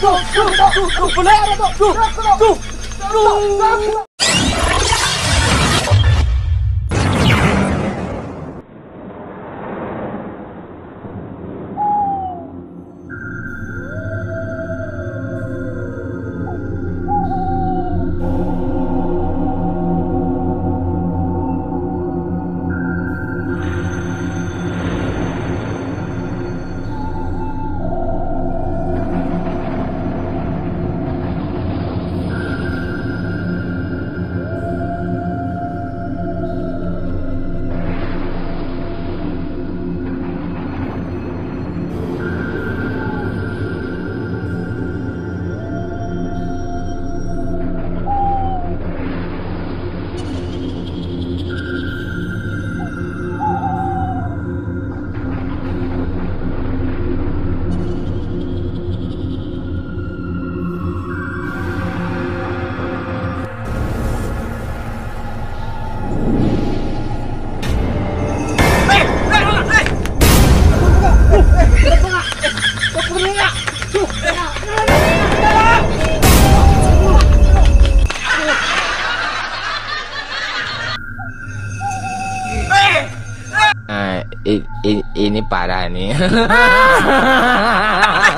走走走走，不累。走走走走。ini parah nih.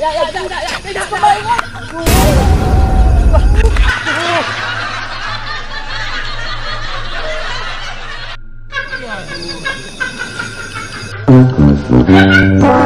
dạ dạ dạ dạ dạ dạ dạ dạ dạ dạ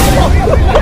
문이